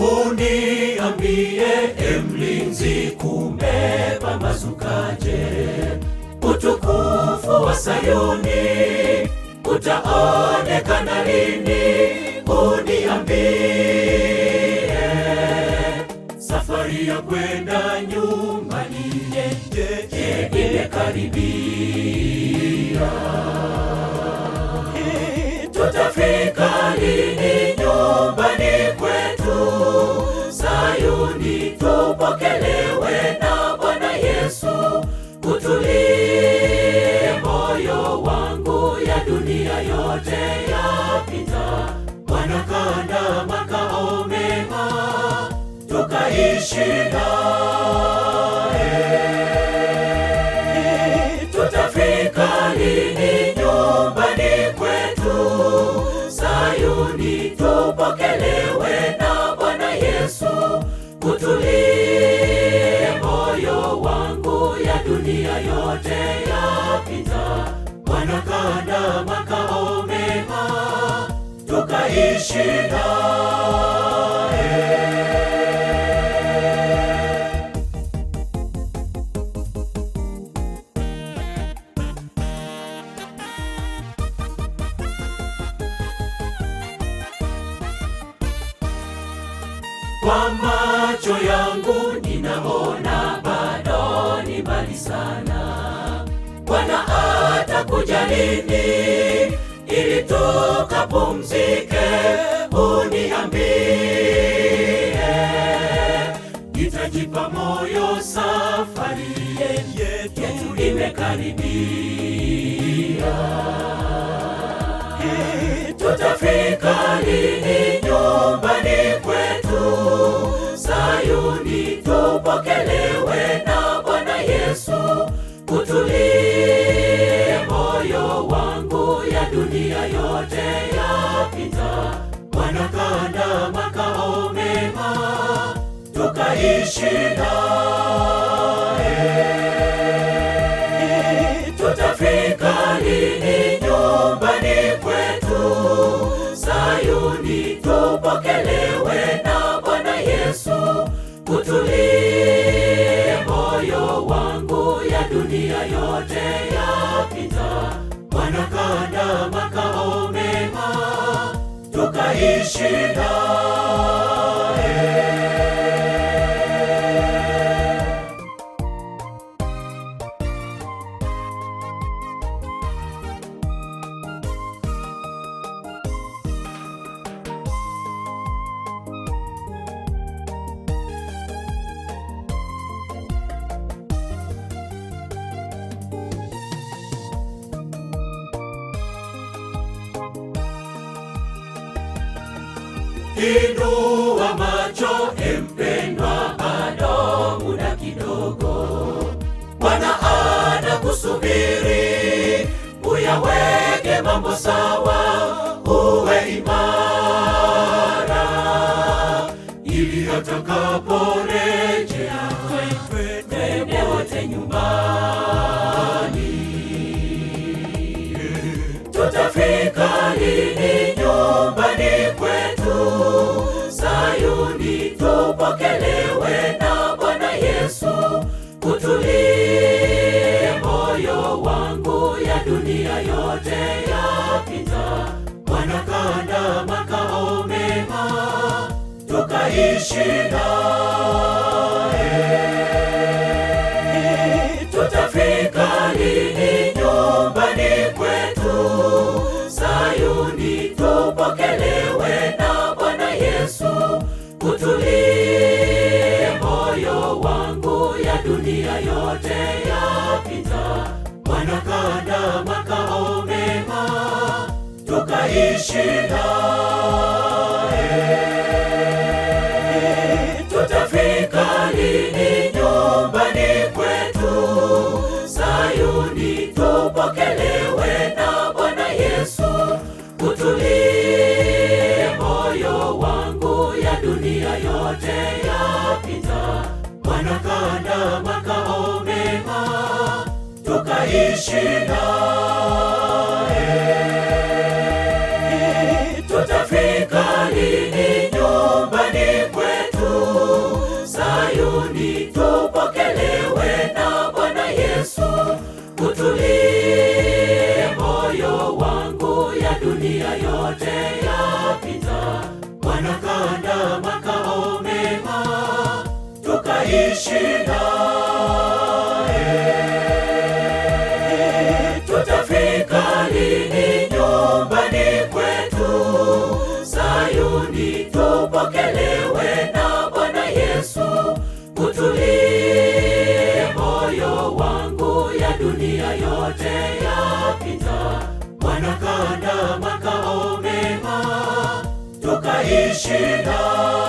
uniambie, e mlinzi, kumepambazukaje? Utukufu wa Sayuni utaonekana lini? Uniambie, safari ya kwenda nyumbani yeje imekaribia, tutafika lini? yaliyopita, wanakanda makao mema tukaishi naye, tutafika Kwa macho yangu ninaona bado ni mbali sana. Bwana atakuja lini? ili tukapumzike, uniambie, nitajipa moyo, safari yetu imekaribia. Tutafika lini nyumbani kwetu Sayuni, tupokelewe na Bwana Yesu kutu tutaishi naye. Tutafika lini nyumbani kwetu Sayuni, tupokelewe na Bwana Yesu. Utulie moyo wangu, ya dunia yote yapita, Bwana kaanda makao mema, tukaishi naye inua macho empendwa, bado muda kidogo. Bwana anakusubiri uyaweke mambo sawa, uwe imara ili atakapo dunia yote yapita, wanakaanda makao mema, tukaishi naye. Tutafika lini nyumbani kwetu Sayuni, tupokelewe na Bwana Yesu. Utulie moyo wangu, ya dunia yote tutaishi naye. Tutafika lini nyumbani kwetu Sayuni, tupokelewe na Bwana Yesu. Utulie moyo wangu, ya dunia yote yapita, Bwana kaanda makao mema, tukaishi naye utulie moyo wangu, ya dunia yote yapita, wanakaanda makao mema tukaishi na shida